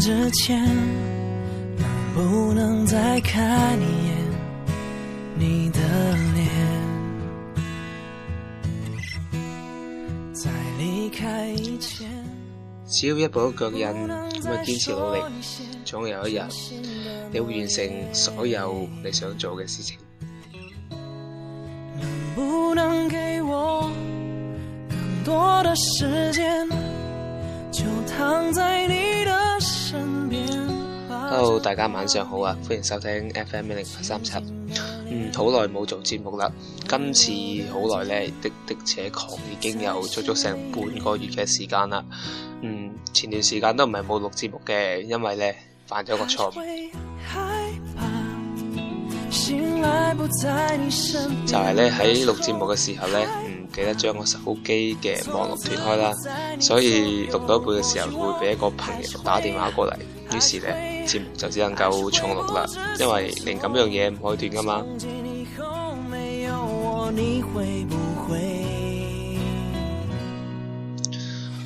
能不能再看一眼你的臉，在離開以前，只要一步一腳印，咁樣堅持努力，總有一日你會完成所有你想做嘅事情。能不能給我更多的時間？就躺在你的。hello，大家晚上好啊，歡迎收聽 FM 一零八三七。嗯，好耐冇做節目啦，今次好耐咧的，的確已經有足足成半個月嘅時間啦。嗯，前段時間都唔係冇錄節目嘅，因為咧犯咗個錯誤，就係咧喺錄節目嘅時候咧。記得將我手機嘅網絡斷開啦，所以錄到一半嘅時候會俾一個朋友打電話過嚟，於是咧節目就只能夠重錄啦，因為連咁樣嘢唔可以斷㗎嘛。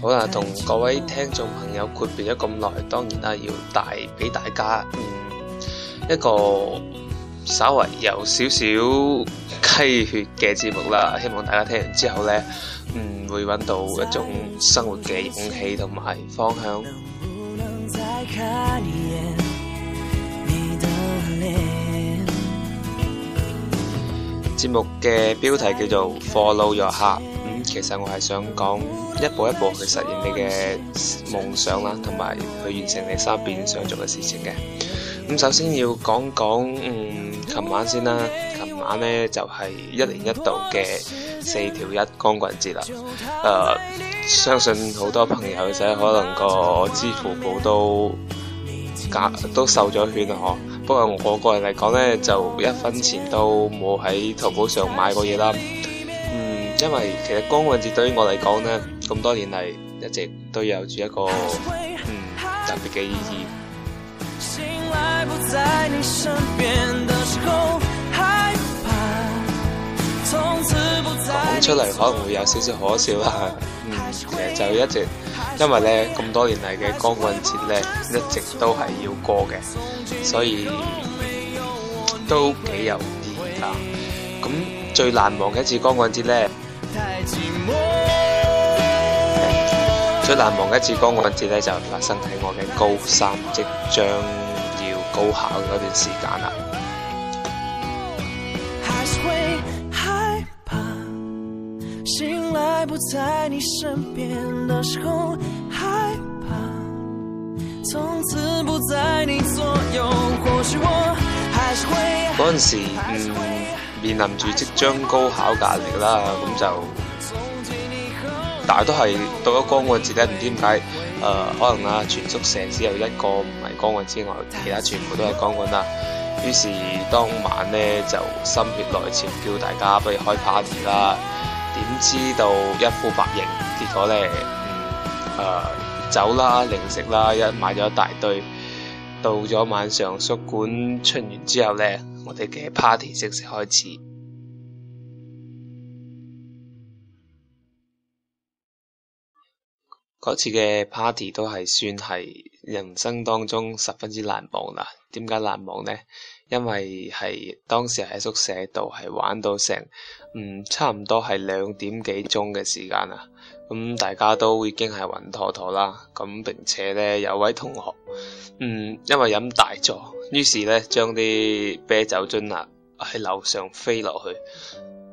好啦，同各位聽眾朋友闊別咗咁耐，當然啦要帶俾大家嗯一個稍為有少少雞血嘅節目啦，希望大家聽完之後咧，嗯，會揾到一種生活嘅勇氣同埋方向。節目嘅標題叫做《Follow your heart》，咁其實我係想講一步一步去實現你嘅夢想啦，同埋去完成你身邊想做嘅事情嘅。咁首先要講講，嗯。琴晚先啦，琴晚呢就係、是、一年一度嘅四條一光棍節啦。誒、呃，相信好多朋友仔可能個支付寶都夾都瘦咗圈啊！不過我個人嚟講呢，就一分錢都冇喺淘寶上買過嘢啦。嗯，因為其實光棍節對於我嚟講呢，咁多年嚟一直都有住一個、嗯、特別嘅意義。出嚟可能會有少少可笑啦，嗯，其實就一直，因為咧咁多年嚟嘅光棍節咧一直都係要過嘅，所以都幾有意義嘅。咁最難忘嘅一次光棍節咧，最難忘嘅一次光棍節咧就發生喺我嘅高三，即將要高考嗰段時間啦。嗰陣時候害怕從此不在你左右，嗯，面臨住即將高考壓力啦，咁就，但係都係到咗光棍節，唔知點解，誒、呃，可能啊，全宿舍只有一個唔係光棍之外，其他全部都係光棍啦。於是當晚咧就心血來潮，叫大家不如開 party 啦。點知道一呼百應。結果咧，誒、嗯、酒、呃、啦、零食啦，一買咗一大堆。到咗晚上，上宿管出完之後咧，我哋嘅 party 正式開始。嗰 次嘅 party 都係算係人生當中十分之難忘啦。點解難忘呢？因為係當時喺宿舍度係玩到成，嗯，差唔多係兩點幾鐘嘅時間啦。咁、嗯、大家都已經係暈陀陀啦。咁、嗯、並且咧有位同學，嗯，因為飲大咗，於是咧將啲啤酒樽啊喺樓上飛落去。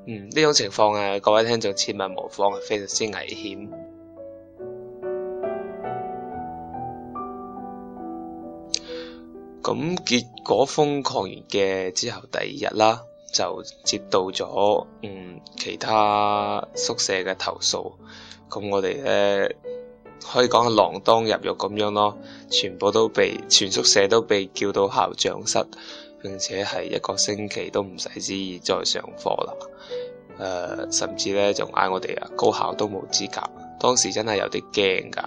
嗯，呢種情況啊，各位聽眾切勿模仿，係非常之危險。咁結果瘋狂完嘅之後，第二日啦，就接到咗嗯、其他宿舍嘅投訴，咁我哋咧可以講係狼當入獄咁樣咯，全部都被全宿舍都被叫到校長室，並且係一個星期都唔使旨意再上課啦，誒、呃，甚至咧仲嗌我哋啊高考都冇資格，當時真係有啲驚㗎。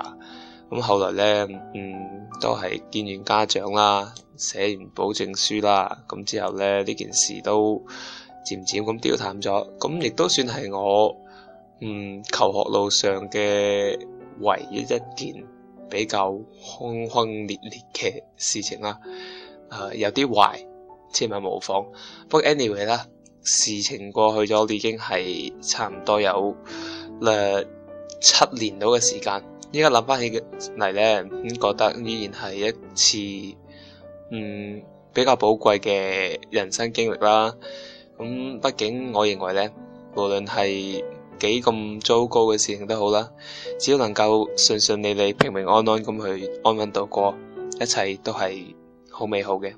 咁後來咧，嗯，都係見完家長啦，寫完保證書啦，咁之後咧，呢件事都漸漸咁調淡咗，咁亦都算係我嗯求學路上嘅唯一一件比較轟轟烈烈嘅事情啦。誒、呃，有啲壞，千萬模仿。不過 anyway 啦，事情過去咗，已經係差唔多有啦。呃七年到嘅時間，依家諗翻起嚟咧，咁覺得依然係一次，嗯比較寶貴嘅人生經歷啦。咁、嗯、畢竟，我認為咧，無論係幾咁糟糕嘅事情都好啦，只要能夠順順利利、平平安安咁去安穩度過，一切都係好美好嘅。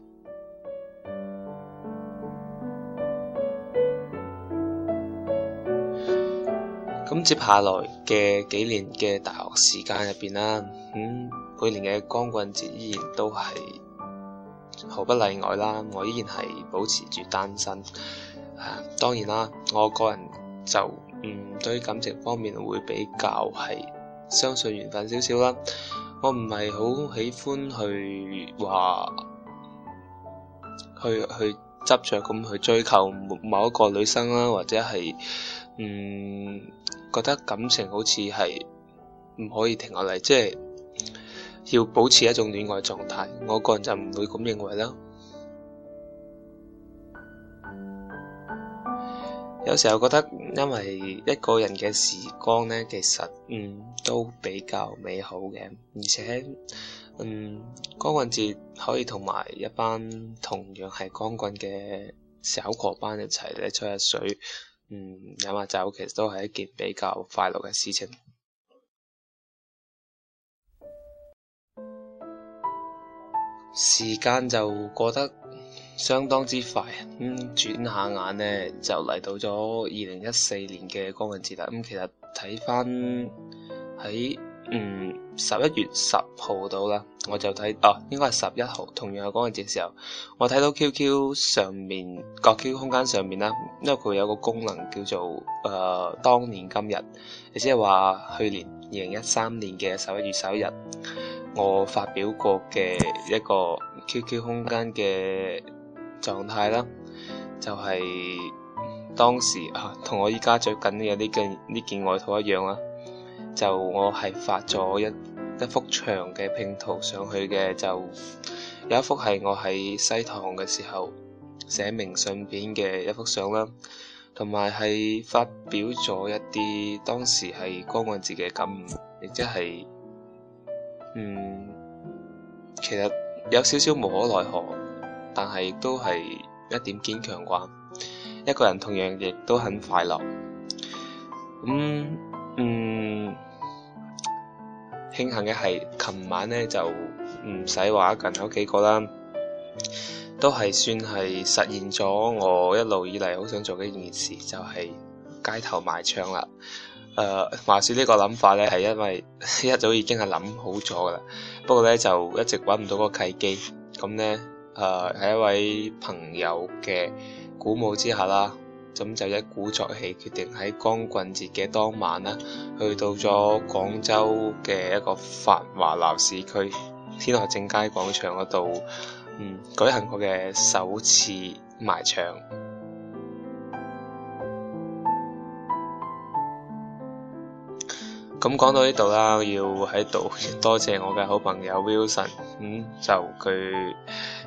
咁接下來嘅幾年嘅大學時間入邊啦，咁、嗯、每年嘅光棍節依然都係毫不例外啦，我依然係保持住單身。啊，當然啦，我個人就嗯對於感情方面會比較係相信緣分少少啦。我唔係好喜歡去話去去執着咁去追求某一個女生啦，或者係嗯。覺得感情好似係唔可以停落嚟，即係要保持一種戀愛狀態。我個人就唔會咁認為啦。 有時候覺得，因為一個人嘅時光呢，其實嗯都比較美好嘅，而且嗯光棍節可以同埋一班同樣係光棍嘅小夥班一齊咧吹下水。嗯，飲下酒其實都係一件比較快樂嘅事情。時間就過得相當之快，咁、嗯、轉下眼咧就嚟到咗二零一四年嘅光棍節啦。咁、嗯、其實睇返喺嗯。十一月十號到啦，我就睇哦，應該係十一號，同樣係光棍節時候，我睇到 QQ 上面，個 QQ 空間上面啦，因為佢有個功能叫做誒、呃、當年今日，亦即係話去年二零一三年嘅十一月十一日，我發表過嘅一個 QQ 空間嘅狀態啦，就係、是、當時啊，同我依家最近嘅呢件呢件外套一樣啦。就我係發咗一一幅長嘅拼圖上去嘅，就有一幅係我喺西塘嘅時候寫明信片嘅一幅相啦，同埋係發表咗一啲當時係光棍節嘅感悟，亦即係嗯，其實有少少無可奈何，但係都係一點堅強啩。一個人同樣亦都很快樂咁。嗯嗯，慶幸嘅係，琴晚咧就唔使話近手幾個啦，都係算係實現咗我一路以嚟好想做嘅一件事，就係、是、街頭賣唱啦。誒、呃，話說個呢個諗法咧係因為一早已經係諗好咗噶啦，不過咧就一直揾唔到個契機，咁咧誒係一位朋友嘅鼓舞之下啦。咁就一鼓作氣，決定喺光棍節嘅當晚咧，去到咗廣州嘅一個繁華鬧市區——天河正佳廣場嗰度，嗯，舉行佢嘅首次埋場。咁講到呢度啦，要喺度多謝我嘅好朋友 Wilson，咁、嗯、就佢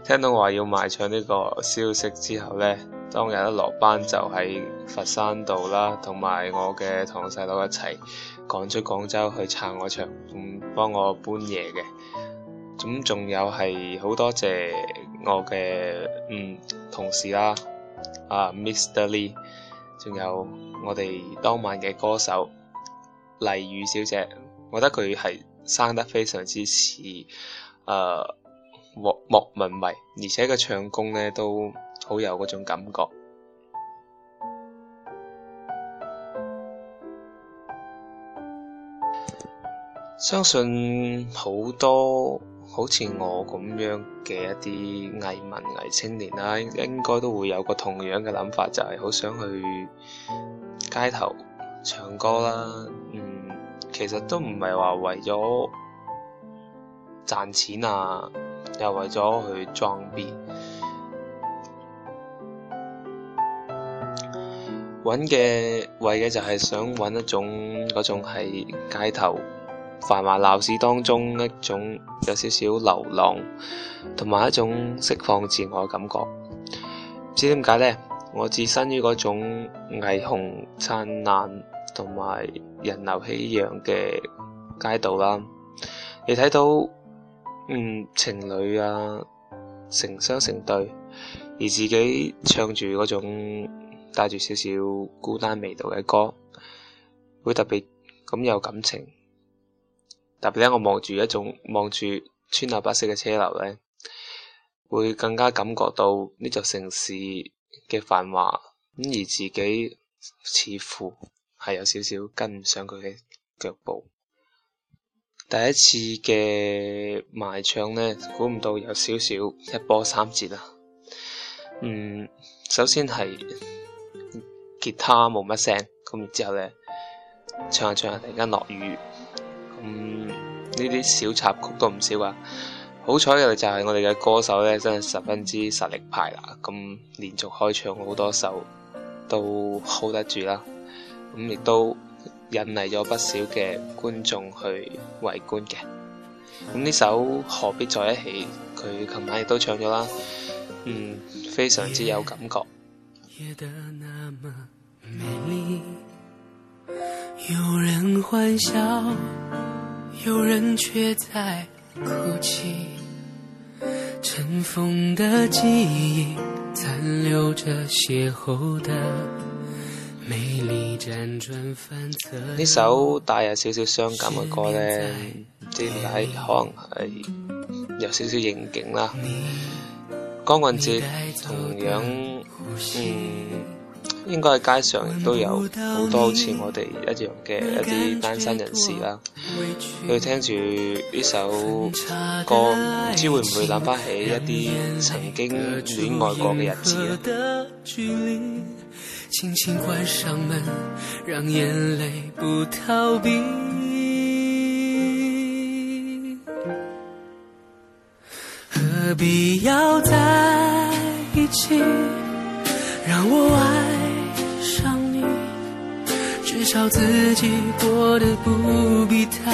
聽到我話要賣唱呢個消息之後咧，當日一落班就喺佛山度啦，同埋我嘅堂細佬一齊趕出廣州去撐我場，咁幫我搬嘢嘅。咁、嗯、仲有係好多謝我嘅嗯同事啦，啊 Mr. Lee，仲有我哋當晚嘅歌手。麗宇小姐，我覺得佢係生得非常之似誒莫莫文蔚，而且個唱功咧都好有嗰種感覺。 相信多好多好似我咁樣嘅一啲藝文藝青年啦，應該都會有個同樣嘅諗法，就係、是、好想去街頭唱歌啦。其實都唔係話為咗賺錢啊，又為咗去裝逼。揾嘅為嘅就係想揾一種嗰種係街頭繁華鬧市當中一種有少少流浪，同埋一種釋放自我嘅感覺。唔知點解咧，我置身於嗰種霓虹燦爛，同埋人流熙攘嘅街道啦，你睇到嗯，情侶啊成雙成對，而自己唱住嗰種帶住少少孤單味道嘅歌，會特別咁有感情。特別咧，我望住一種望住川流不息嘅車流咧，會更加感覺到呢座城市嘅繁華。咁而自己似乎。係有少少跟唔上佢嘅腳步。第一次嘅賣唱呢，估唔到有少少一波三折啦。嗯，首先係吉他冇乜聲，咁然之後呢，唱下唱下突然間落雨，咁呢啲小插曲都唔少啊。好彩嘅就係我哋嘅歌手呢，真係十分之實力派啦。咁、嗯、連續開唱好多首都 hold 得住啦。咁亦都引嚟咗不少嘅觀眾去圍觀嘅。咁呢首何必在一起，佢琴晚亦都唱咗啦，嗯，非常之有感覺。夜的那麼美麗，有人歡笑，有人卻在哭泣。塵封嘅記憶，殘留著邂逅嘅。美麗輾轉反側呢首帶有少少傷感嘅歌咧，點解可能係有少少應景啦？光棍節同樣，嗯。應該喺街上亦都有好多好似我哋一樣嘅一啲單身人士啦。佢聽住呢首歌，唔知會唔會諗翻起一啲曾經戀愛過嘅日子啊！至少自己過得不必必太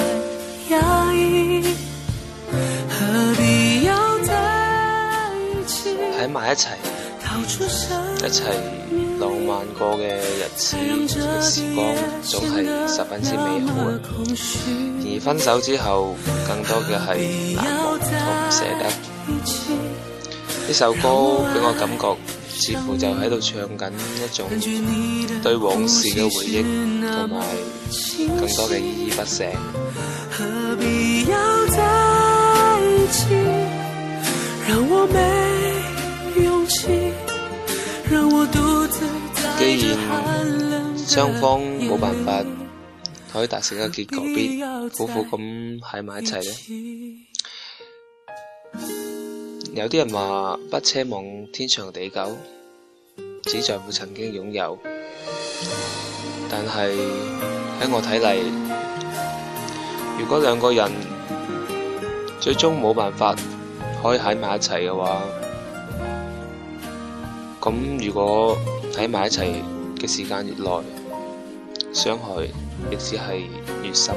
何喺埋一齊，一齊浪漫過嘅日子嘅時光，總係十分之美好，而分手之後，更多嘅係難忘同唔捨得。呢首歌俾我感覺。似乎就喺度唱緊一種對往事嘅回憶，同埋更多嘅依依不捨。 既然雙方冇辦法可以達成一個結局，何必苦苦咁喺埋一齊呢？有啲人話不奢望天長地久，只在乎曾經擁有。但係喺我睇嚟，如果兩個人最終冇辦法可以喺埋一齊嘅話，咁如果喺埋一齊嘅時間越耐，傷害亦只係越深。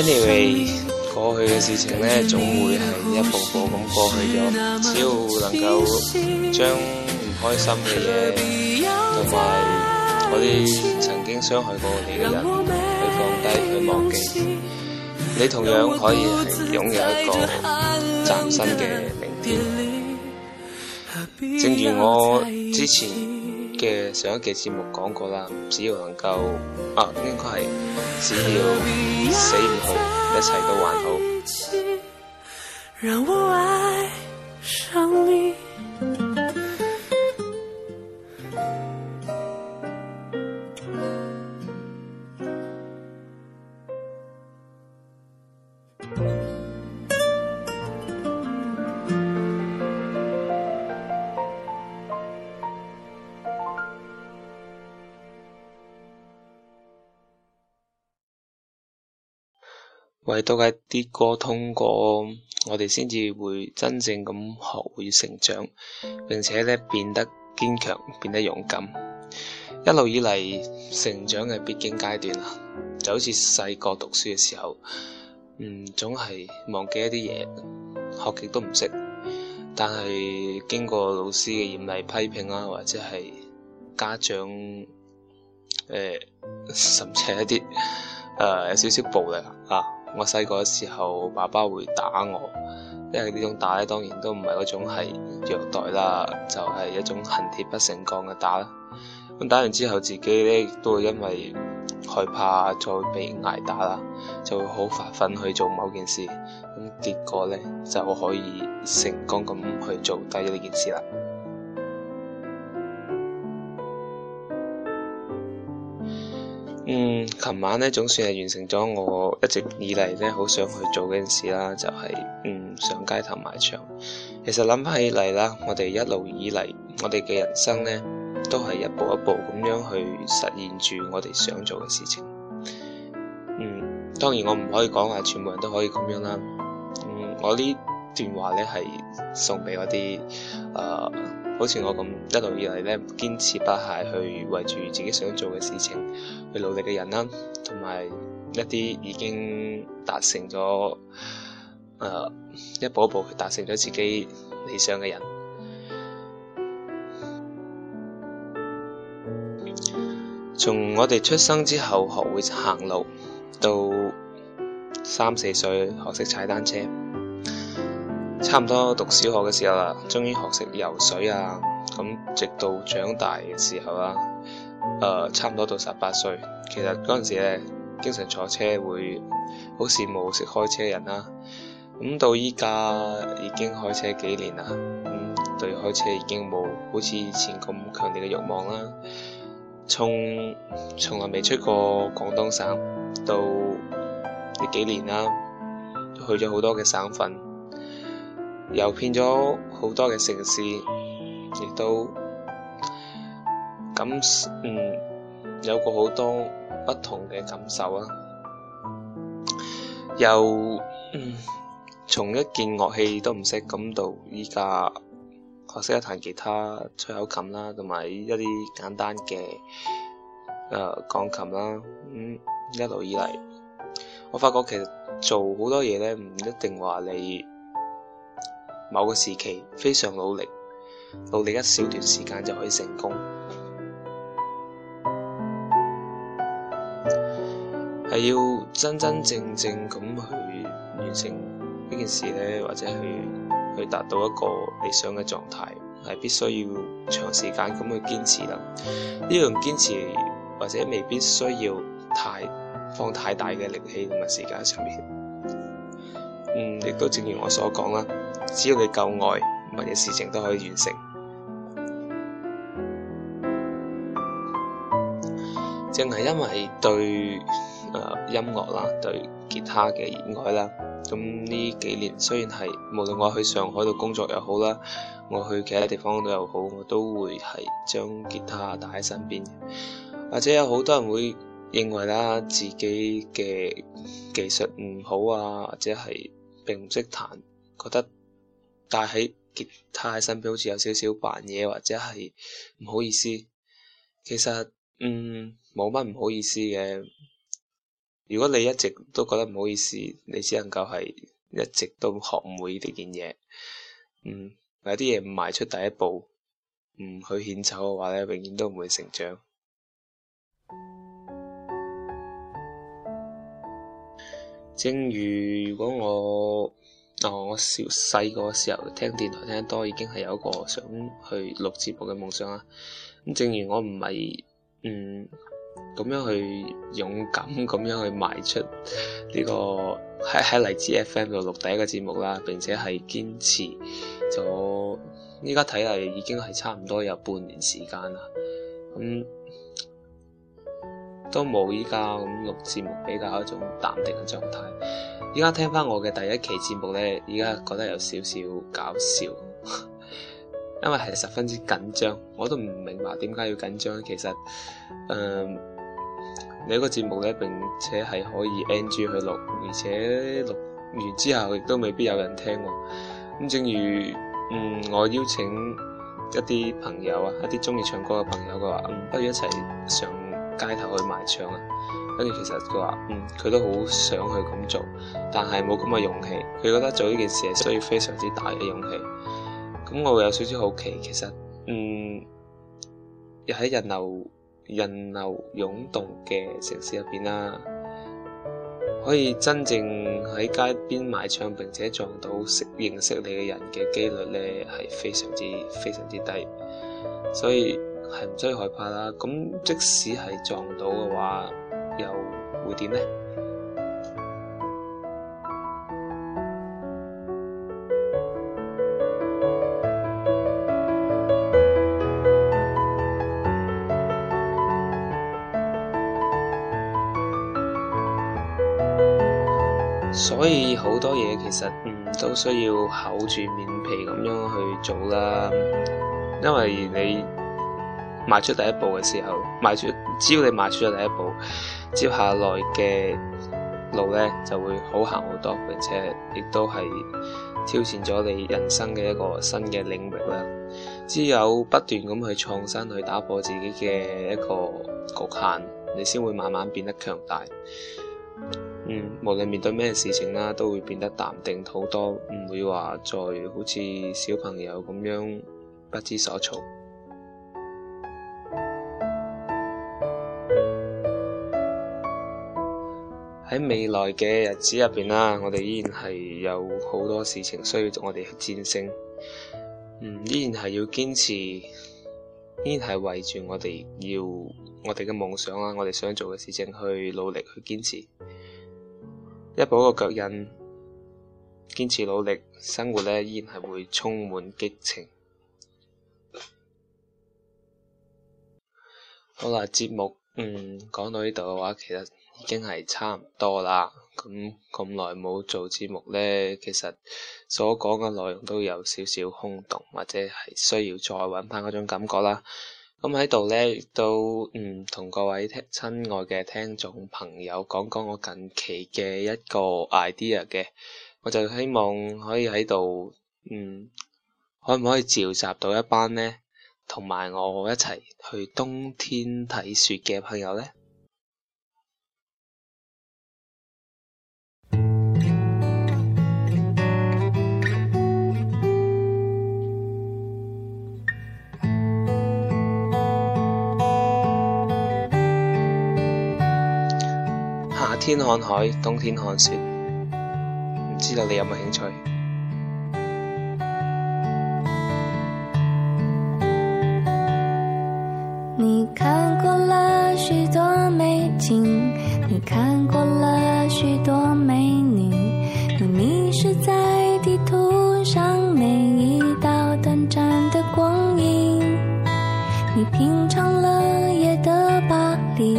Anyway，過去嘅事情呢，總會係一步步咁過去咗，只要能夠不將唔開心嘅嘢同埋嗰啲曾經傷害過你嘅人去放低去忘記，你同樣可以係擁有一個嶄新嘅明天。正如我之前嘅上一期節目講過啦，只要能夠，啊應該係只要死唔好，一切都還好。為多嘅一啲歌，通過我哋先至會真正咁學會成長，並且咧，變得堅強，變得勇敢。一路以嚟成長嘅必經階段啦，就好似細個讀書嘅時候，嗯，總係忘記一啲嘢，學極都唔識。但係經過老師嘅嚴厲批評啦，或者係家長誒，甚、呃、且一啲誒、呃、有少少暴力啊。我細個嘅時候，爸爸會打我，因為呢種打咧，當然都唔係嗰種係虐待啦，就係、是、一種恨鐵不成鋼嘅打啦。咁打完之後，自己咧都會因為害怕再被捱打啦，就會好發奮去做某件事，咁結果咧就可以成功咁去做低呢件事啦。嗯，琴晚咧總算係完成咗我一直以嚟咧好想去做嘅件事啦，就係、是、嗯，上街頭賣唱。其實諗翻起嚟啦，我哋一路以嚟，我哋嘅人生咧都係一步一步咁樣去實現住我哋想做嘅事情。嗯，當然我唔可以講話全部人都可以咁樣啦。嗯，我呢段話咧係送俾嗰啲誒。呃好似我咁一路以嚟咧，堅持不懈去為住自己想做嘅事情去努力嘅人啦、啊，同埋一啲已經達成咗，誒、呃、一步一步去達成咗自己理想嘅人。從我哋出生之後學會行路，到三四歲學識踩單車。差唔多讀小學嘅時候啦，終於學識游水啊！咁直到長大嘅時候啦，誒、呃，差唔多到十八歲，其實嗰陣時咧，經常坐車會好羨慕識開車人啦、啊。咁到依家已經開車幾年啦、嗯，對開車已經冇好似以前咁強烈嘅慾望啦。從從來未出過廣東省到呢幾年啦，去咗好多嘅省份。遊遍咗好多嘅城市，亦都咁嗯有過好多不同嘅感受啊！又、嗯、從一件樂器都唔識咁到依家學識一彈吉他、吹口琴啦，同埋一啲簡單嘅誒鋼琴啦，嗯，一路以嚟，我發覺其實做好多嘢咧，唔一定話你。某個時期非常努力，努力一小段時間就可以成功，係要真真正正咁去完成呢件事咧，或者去去達到一個理想嘅狀態，係必須要長時間咁去堅持啦。呢樣堅持或者未必需要太放太大嘅力氣同埋時間喺上面。嗯，亦都正如我所講啦。只要你夠愛，乜嘢事情都可以完成。正係因為對誒、呃、音樂啦，對吉他嘅熱愛啦，咁呢幾年雖然係無論我去上海度工作又好啦，我去其他地方度又好，我都會係將吉他帶喺身邊。或者有好多人會認為啦，自己嘅技術唔好啊，或者係並唔識彈，覺得。但係喺結他身邊好似有少少扮嘢，或者係唔好意思。其實嗯，冇乜唔好意思嘅。如果你一直都覺得唔好意思，你只能夠係一直都學唔會呢件嘢。嗯，有啲嘢唔邁出第一步，唔去獻醜嘅話咧，永遠都唔會成長。 正如如果我哦，我小細個嘅時候聽電台聽得多，已經係有一個想去錄節目嘅夢想啦。咁正如我唔係嗯咁樣去勇敢咁樣去邁出呢、這個喺喺荔枝 FM 度錄第一個節目啦，並且係堅持咗依家睇嚟已經係差唔多有半年時間啦。咁、嗯都冇依家咁錄節目比較一種淡定嘅狀態，依家聽翻我嘅第一期節目咧，依家覺得有少少搞笑，因為係十分之緊張，我都唔明白點解要緊張，其實誒、嗯、你個節目咧，並且係可以 NG 去錄，而且錄完之後亦都未必有人聽，咁正如，嗯，我邀請一啲朋友啊，一啲中意唱歌嘅朋友嘅話，嗯，不如一齊上。街頭去賣唱啊，跟住其實佢話，嗯，佢都好想去咁做，但係冇咁嘅勇氣。佢覺得做呢件事係需要非常之大嘅勇氣。咁我會有少少好奇，其實，嗯，喺人流人流湧動嘅城市入邊啦，可以真正喺街邊賣唱並且撞到識認識你嘅人嘅幾率咧，係非常之非常之低，所以。係唔需要害怕啦，咁即使係撞到嘅話，又會點呢？所以好多嘢其實嗯都需要厚住面皮咁樣去做啦，因為你。邁出第一步嘅時候，邁出只要你邁出咗第一步，接下來嘅路呢就會好行好多，並且亦都係挑戰咗你人生嘅一個新嘅領域啦。只有不斷咁去創新，去打破自己嘅一個局限，你先會慢慢變得強大。嗯，無論面對咩事情啦，都會變得淡定好多，唔會話再好似小朋友咁樣不知所措。喺未來嘅日子入邊啦，我哋依然係有好多事情需要我哋去戰勝，嗯，依然係要堅持，依然係為住我哋要我哋嘅夢想呀，我哋想，想做嘅事情去努力去堅持，一步一個腳印，堅持努力，生活咧依然係會充滿激情。好啦，節目嗯講到呢度嘅話，其實。已經係差唔多啦，咁咁耐冇做節目呢，其實所講嘅內容都有少少空洞，或者係需要再揾翻嗰種感覺啦。咁喺度呢，都嗯同各位聽親愛嘅聽眾朋友講講我近期嘅一個 idea 嘅，我就希望可以喺度嗯，可唔可以召集到一班呢，同埋我一齊去冬天睇雪嘅朋友呢？天看海，冬天看雪，唔知道你有冇興趣你？你看過了許多美景，你看過了許多美女，你迷失在地圖上每一道短暫的光影，你品嘗了夜的巴黎。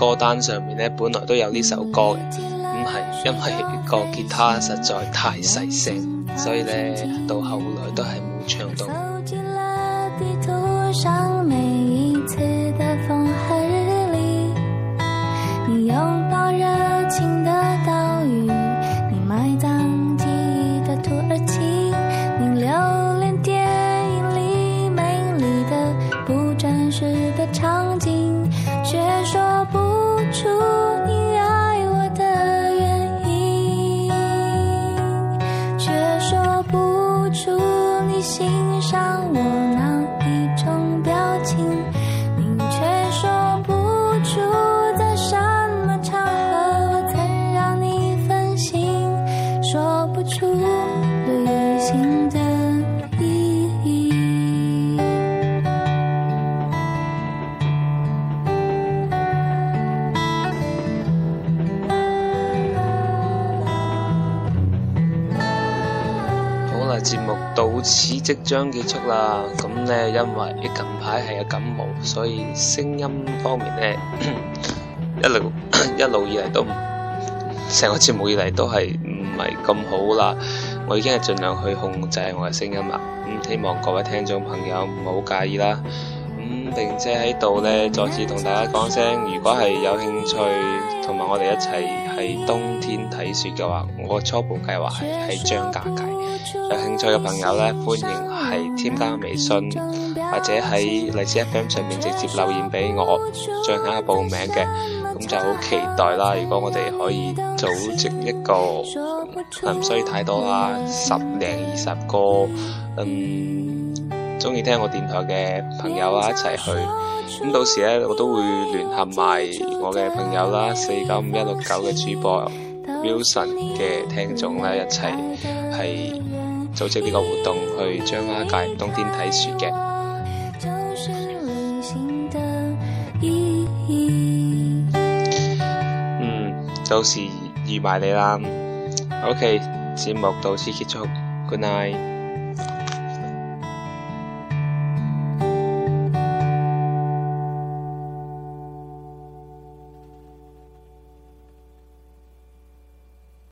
歌單上面呢，本來都有呢首歌嘅，唔係因為個吉他實在太細聲，所以呢，到後來都係冇唱到。即將結束啦，咁咧因為近排係有感冒，所以聲音方面咧一路一路以嚟都成個節目以嚟都係唔係咁好啦。我已經係盡量去控制我嘅聲音啦，咁希望各位聽眾朋友唔好介意啦。咁並且喺度咧再次同大家講聲，如果係有興趣同埋我哋一齊喺冬天睇雪嘅話，我初步計劃係喺張家界。有興趣嘅朋友咧，歡迎係添加微信，或者喺荔枝 FM 上面直接留言俾我，進行一個報名嘅，咁就好期待啦。如果我哋可以組織一個，唔需要太多啦，十零二十個，嗯，中意聽我電台嘅朋友啦，一齊去，咁到時咧我都會聯合埋我嘅朋友啦，四九五一六九嘅主播 Wilson 嘅聽眾咧一齊係。組織呢個活動去張家界冬天睇雪嘅， 嗯，到時預埋你啦。OK，節目到此結束，Good night。